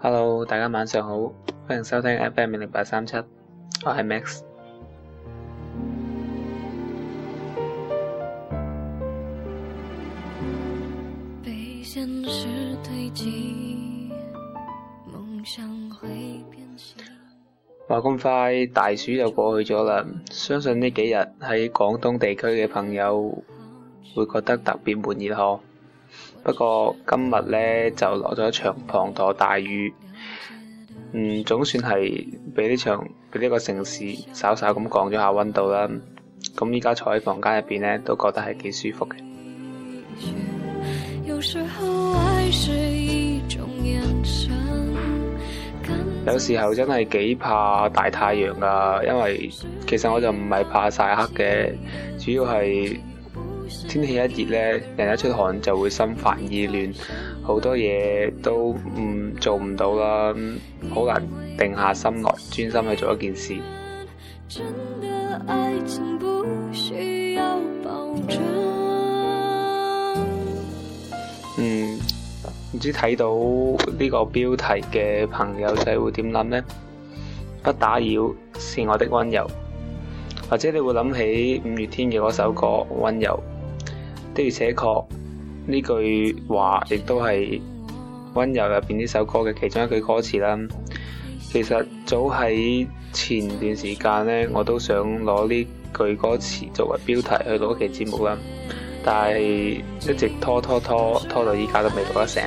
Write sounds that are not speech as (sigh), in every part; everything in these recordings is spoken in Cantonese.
Hello，大家晚上好，歡迎收聽 FM 五零八三七，我係 Max。話咁、嗯、快，大暑就過去咗啦。相信呢幾日喺廣東地區嘅朋友會覺得特別悶熱呵。不過今日咧就落咗一場滂沱大雨，嗯，總算係畀呢場畀呢個城市稍稍咁降咗下溫度啦。咁依家坐喺房間入邊咧，都覺得係幾舒服嘅，嗯。有時候真係幾怕大太陽噶，因為其實我就唔係怕晒黑嘅，主要係。天氣一熱咧，人一出汗就會心煩意亂，好多嘢都唔、嗯、做唔到啦，好難定下心來專心去做一件事。嗯，唔知睇到呢個標題嘅朋友仔會點諗呢？不打擾是我的溫柔，或者你會諗起五月天嘅嗰首歌《溫柔》。的而且確呢句話亦都係溫柔入邊呢首歌嘅其中一句歌詞啦。其實早喺前段時間咧，我都想攞呢句歌詞作為標題去到一期節目啦，但係一直拖拖拖拖到而家都未錄得成。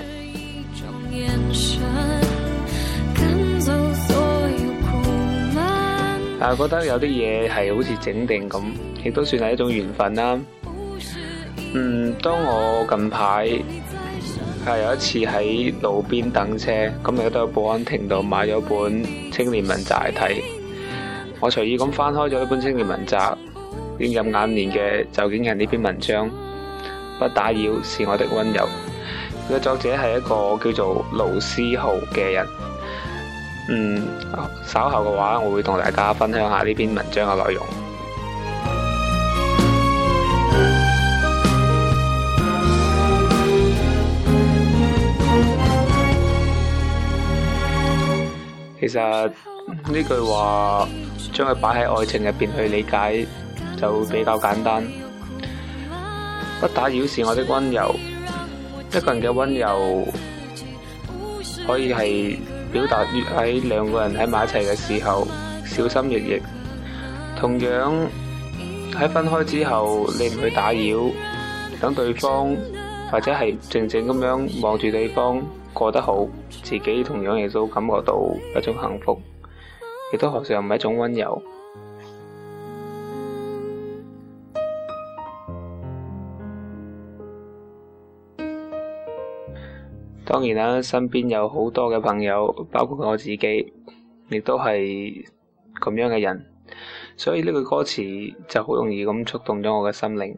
但係，覺得有啲嘢係好似整定咁，亦都算係一種緣分啦。嗯，當我近排係有一次喺路邊等車，咁亦都保安亭度買咗本青年文集嚟睇，我隨意咁翻開咗一本青年文集，映入眼簾嘅就係呢篇文章《不打擾是我的温柔》。佢嘅作者係一個叫做盧思浩嘅人。嗯，稍後嘅話我會同大家分享下呢篇文章嘅內容。其實呢句話將佢擺喺愛情入邊去理解就比較簡單。不打擾是我的温柔，一個人嘅温柔可以係表達喺兩個人喺埋一齊嘅時候，小心翼翼。同樣喺分開之後，你唔去打擾，等對方或者係靜靜咁樣望住對方。過得好，自己同樣亦都感覺到一種幸福，亦都學上唔係一種溫柔。當然啦，身邊有好多嘅朋友，包括我自己，亦都係咁樣嘅人，所以呢句歌詞就好容易咁觸動咗我嘅心靈。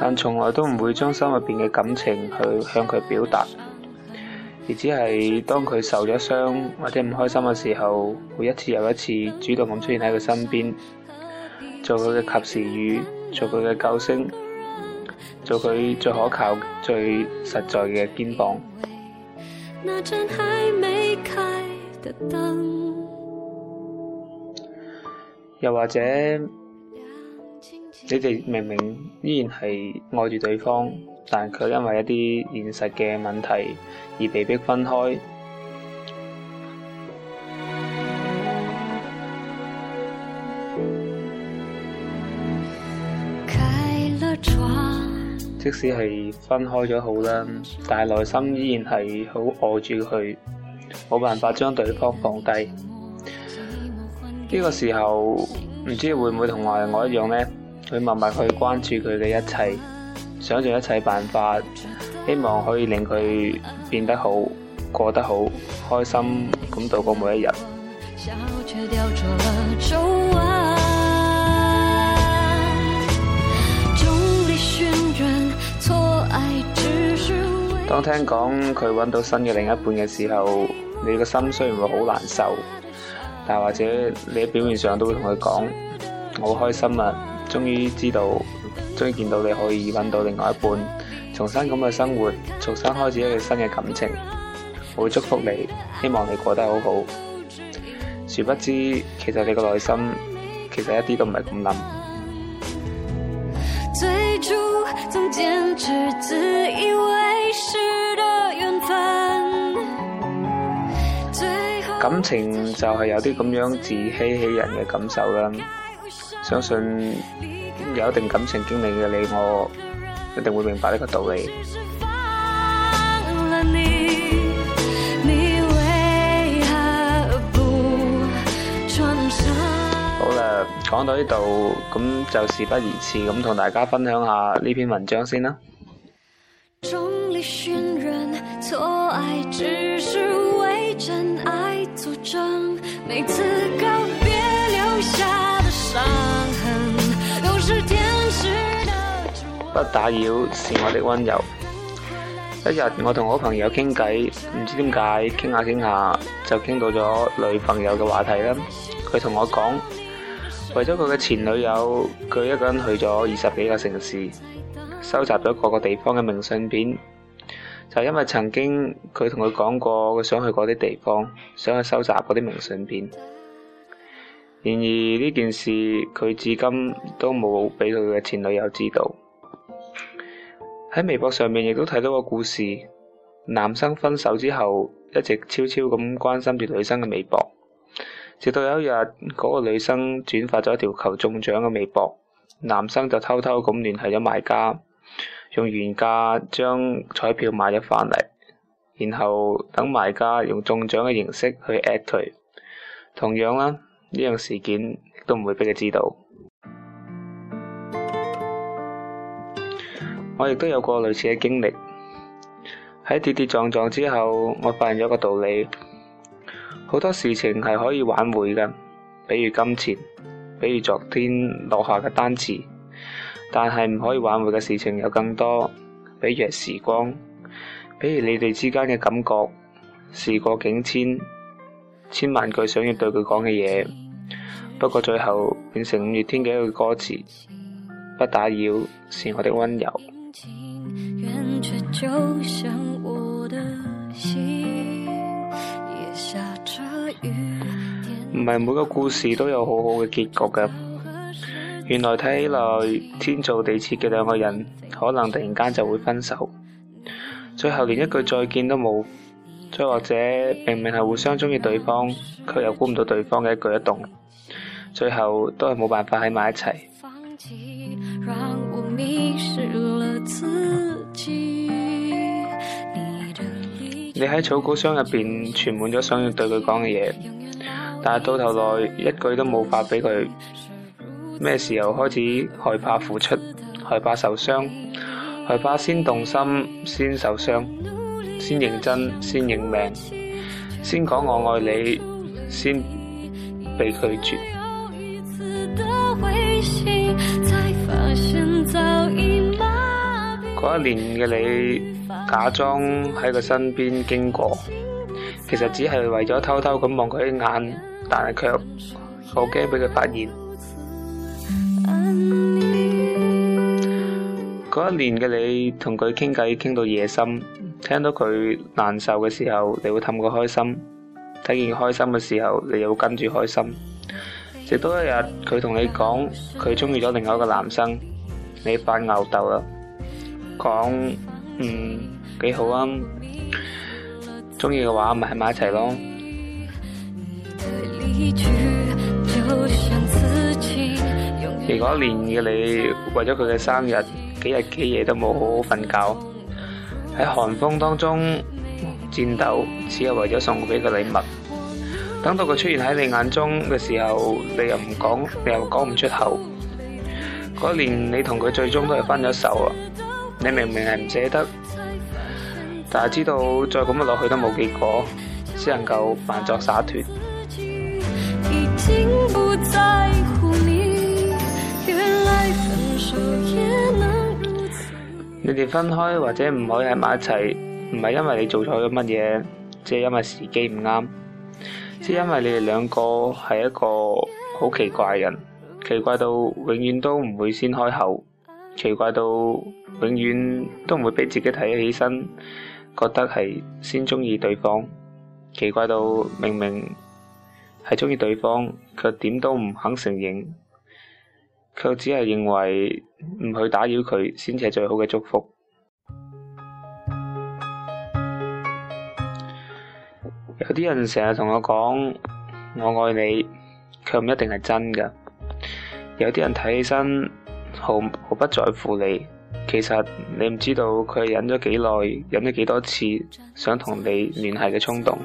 但從來都唔會將心入邊嘅感情去向佢表達，而只係當佢受咗傷或者唔開心嘅時候，會一次又一次主動咁出現喺佢身邊，做佢嘅及時雨，做佢嘅救星，做佢最可靠、最實在嘅肩膀。又或者你哋明明依然係愛住對方，但卻因為一啲現實嘅問題而被迫分開。 (music) 即使係分開咗好啦，但內心依然係好愛住佢，冇辦法將對方放低。呢個時候。唔知會唔會同埋我一樣呢？去默默去關注佢嘅一切，想盡一切辦法，希望可以令佢變得好，過得好，開心咁度過每一日。嗯、當聽講佢揾到新嘅另一半嘅時候，你個心雖然會好難受。但或者你喺表面上都會同佢講，我好開心啊，終於知道，終於見到你可以揾到另外一半，重新咁嘅生活，重新開始一個新嘅感情，我會祝福你，希望你過得好好。殊不知，其實你個內心，其實一啲都唔係咁諗。最初感情就係有啲咁樣自欺欺人嘅感受啦，相信有一定感情經歷嘅你我，一定會明白呢個道理。 (music) 好啦，講到呢度，咁就事不宜遲，咁同大家分享下呢篇文章先啦。不打擾是我的溫柔。一日，我同好朋友傾偈，唔知點解，傾下傾下就傾到咗女朋友嘅話題啦。佢同我講，為咗佢嘅前女友，佢一個人去咗二十幾個城市，收集咗各個地方嘅明信片。就因為曾經佢同佢講過，佢想去嗰啲地方，想去收集嗰啲明信片。然而呢件事，佢至今都冇俾佢嘅前女友知道。喺微博上面亦都睇到個故事：男生分手之後，一直悄悄咁關心住女生嘅微博，直到有一日嗰個女生轉發咗一條求中獎嘅微博，男生就偷偷咁聯繫咗賣家。用原價將彩票買咗返嚟，然後等賣家用中獎嘅形式去 at 佢。同樣啦，呢樣事件都唔會俾佢知道。 (music) 我亦都有過類似嘅經歷。喺跌跌撞撞之後，我發現咗一個道理：好多事情係可以挽回嘅，比如金錢，比如昨天落下嘅單詞。但係唔可以挽回嘅事情有更多，比如時光，比如你哋之間嘅感覺。事過境遷，千萬句想要對佢講嘅嘢，不過最後變成五月天嘅一句歌詞：不打擾，是我的温柔。唔係每個故事都有好好嘅結局嘅。原來睇起來天造地設嘅兩個人，可能突然間就會分手，最後連一句再見都冇，再或者明明係互相中意對方，卻又估唔到對方嘅一舉一動，最後都係冇辦法喺埋一齊。嗯、你喺草稿箱入邊存滿咗想要對佢講嘅嘢，但係到頭來一句都冇發俾佢。咩時候開始害怕付出、害怕受傷、害怕先動心、先受傷、先認真、先認命、先講我愛你，先被拒絕。嗰 (music) 一年嘅你，假裝喺佢身邊經過，其實只係為咗偷偷咁望佢一眼，但係卻好驚俾佢發現。嗰一年嘅你，同佢傾偈傾到夜深，聽到佢難受嘅時候，你會氹佢開心；睇見佢開心嘅時候，你又會跟住開心。直到一日佢同你講佢中意咗另外一個男生，你發吽哣啦，講嗯幾好啊，中意嘅話咪喺埋一齊咯。而嗰一年嘅你為咗佢嘅生日，幾日幾夜都冇好好瞓覺，喺寒風當中戰鬥，只係為咗送俾佢禮物。等到佢出現喺你眼中嘅時候，你又唔講，你又講唔出口。嗰年你同佢最終都係分咗手啊！你明明係唔捨得，但係知道再咁樣落去都冇結果，只能夠扮作灑脫。你哋分開或者唔可以喺埋一齊，唔係因為你做錯咗乜嘢，即係因為時機唔啱，只因為你哋兩個係一個好奇怪人，奇怪到永遠都唔會先開口，奇怪到永遠都唔會畀自己睇起身，覺得係先中意對方，奇怪到明明係中意對方，卻點都唔肯承認，卻只係認為。唔去打擾佢，先至係最好嘅祝福。有啲人成日同我講，我愛你，卻唔一定係真㗎。有啲人睇起身毫毫不在乎你，其實你唔知道佢忍咗幾耐，忍咗幾多次，想同你聯繫嘅衝動。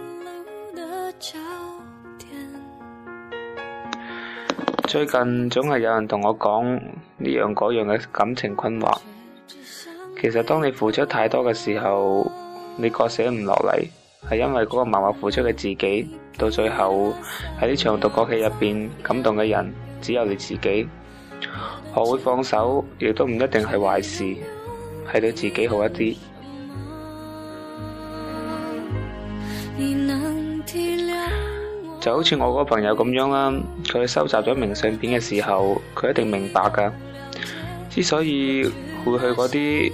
最近總係有人同我講呢樣嗰樣嘅感情困惑。其實當你付出太多嘅時候，你割捨唔落嚟，係因為嗰個默默付出嘅自己，到最後喺呢場獨角戲入邊感動嘅人，只有你自己。學會放手，亦都唔一定係壞事，係對自己好一啲。 (music) 就好似我嗰個朋友咁樣啦，佢收集咗明信片嘅時候，佢一定明白噶。之所以會去嗰啲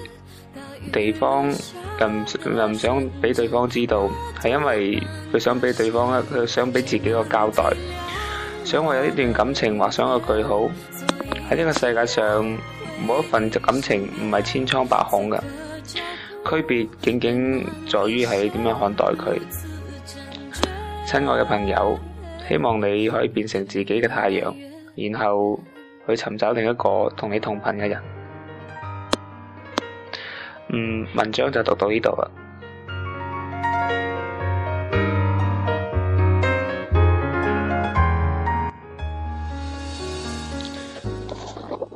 地方，又唔又唔想俾對方知道，係因為佢想俾對方咧，佢想俾自己一個交代，想為呢段感情畫上個句號。喺呢個世界上，冇一份感情唔係千瘡百孔噶，區別僅僅在於係點樣看待佢。親愛嘅朋友，希望你可以變成自己嘅太陽，然後去尋找另一個同你同頻嘅人。嗯，文章就讀到呢度啦。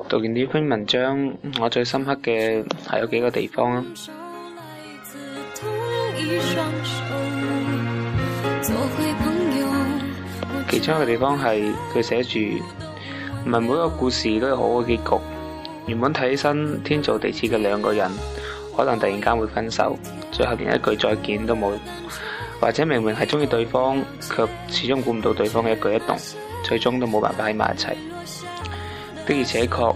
讀完呢篇文章，我最深刻嘅係有幾個地方啊。其中一個地方係佢寫住唔係每一個故事都有好嘅結局，原本睇起身天造地設嘅兩個人，可能突然間會分手，最後連一句再見都冇，或者明明係中意對方，卻始終估唔到對方嘅一舉一動，最終都冇辦法喺埋一齊。的而且確，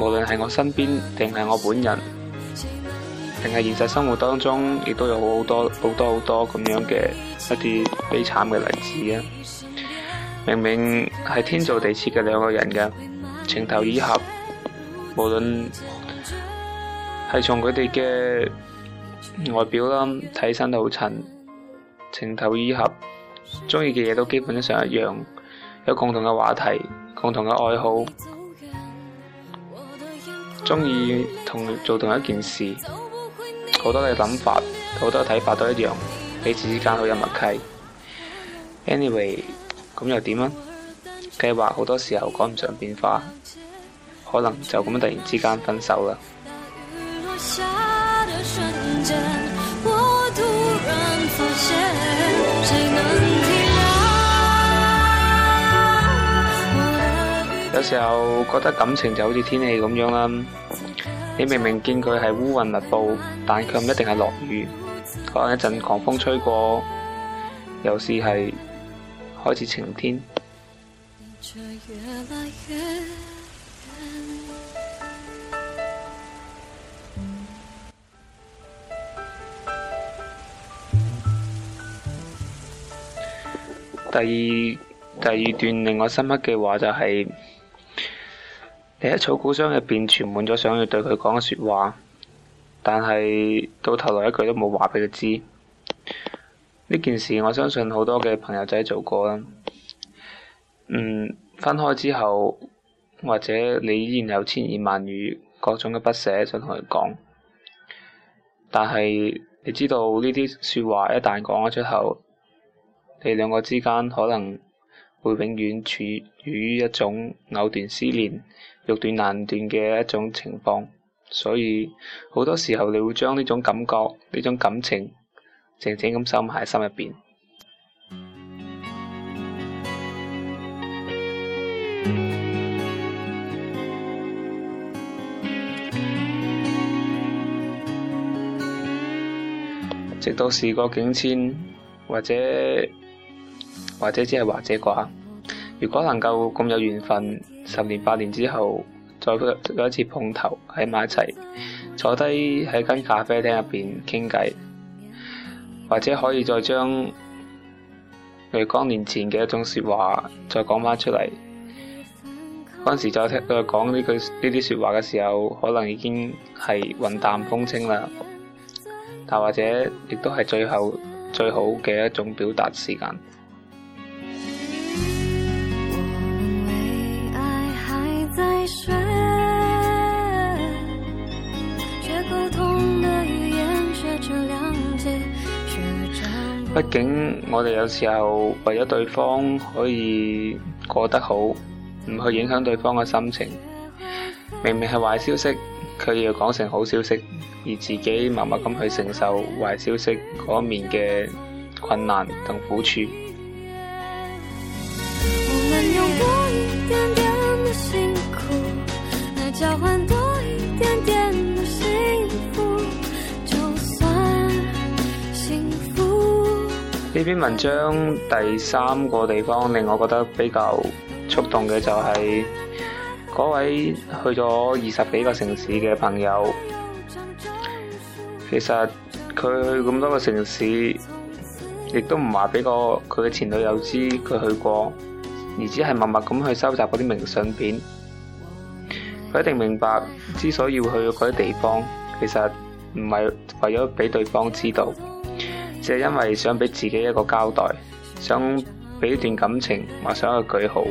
無論係我身邊定係我本人，定係現實生活當中，亦都有好好多好多好多咁樣嘅一啲悲慘嘅例子啊！明明係天造地設嘅兩個人嘅情投意合，無論係從佢哋嘅外表啦，睇身都好襯；情投意合，鍾意嘅嘢都基本上一樣，有共同嘅話題、共同嘅愛好，鍾意同做同一件事，好多嘅諗法、好多嘅睇法都一樣，彼此之間好有默契。Anyway。咁又點啊？計劃好多時候趕唔上變化，可能就咁突然之間分手啦。有時候覺得感情就好似天氣咁樣啦，你明明見佢係烏雲密布，但佢唔一定係落雨，可能一陣狂風吹過，又試係，開始晴天。第二第二段令我深刻嘅話就係，你喺草稿箱入邊存滿咗想要對佢講嘅說話，但係到頭來一句都冇話俾佢知。呢件事，我相信好多嘅朋友仔做過啦。嗯，分開之後，或者你依然有千言萬語，各種嘅不捨想同佢講。但係你知道呢啲說話一旦講咗出口，你兩個之間可能會永遠處於一種藕斷絲連、欲斷難斷嘅一種情況，所以好多時候，你會將呢種感覺，呢種感情。靜靜咁收埋喺心入邊，直到事過境遷，或者或者只係或者啩？如果能夠咁有緣分，十年八年之後再再一次碰頭喺埋一齊，坐低喺間咖啡廳入邊傾偈。或者可以再將佢當年前嘅一種説話再講返出嚟，嗰陣時再聽佢講呢句呢啲説話嘅時候，可能已經係雲淡風輕啦。但或者亦都係最後最好嘅一種表達時間。畢竟，我哋有時候為咗對方可以過得好，唔去影響對方嘅心情，明明係壞消息，佢要講成好消息，而自己默默咁去承受壞消息嗰一面嘅困難同苦處。呢篇文章第三個地方令我覺得比較觸動嘅就係、是、嗰位去咗二十幾個城市嘅朋友，其實佢去咁多個城市，亦都唔話俾個佢嘅前女友知佢去過，而只係默默咁去收集嗰啲明信片。佢一定明白，之所以會去嗰啲地方，其實唔係為咗俾對方知道。就係因為想俾自己一個交代，想俾一段感情畫上一個句號，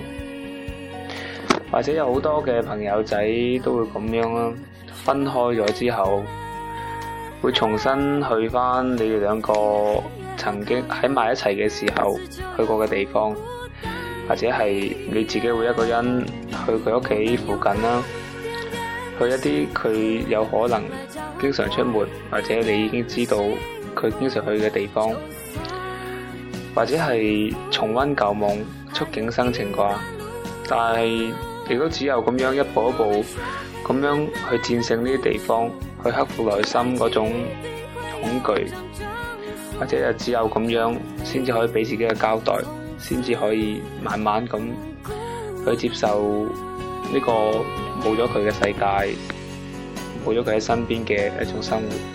或者有好多嘅朋友仔都會咁樣啦。分開咗之後，會重新去返你哋兩個曾經喺埋一齊嘅時候去過嘅地方，或者係你自己會一個人去佢屋企附近啦，去一啲佢有可能經常出沒，或者你已經知道，佢經常去嘅地方，或者係重溫舊夢，觸景生情啩。但係亦都只有咁樣一步一步咁樣去戰勝呢啲地方，去克服內心嗰種恐懼，或者係只有咁樣先至可以俾自己嘅交代，先至可以慢慢咁去接受呢個冇咗佢嘅世界，冇咗佢喺身邊嘅一種生活。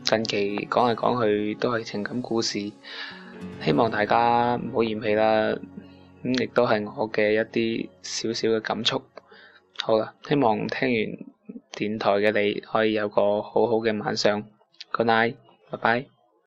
近期講嚟講去都係情感故事，希望大家唔好嫌棄啦。咁亦都係我嘅一啲少少嘅感觸。好啦，希望聽完電台嘅你可以有個好好嘅晚上。Good night，拜拜。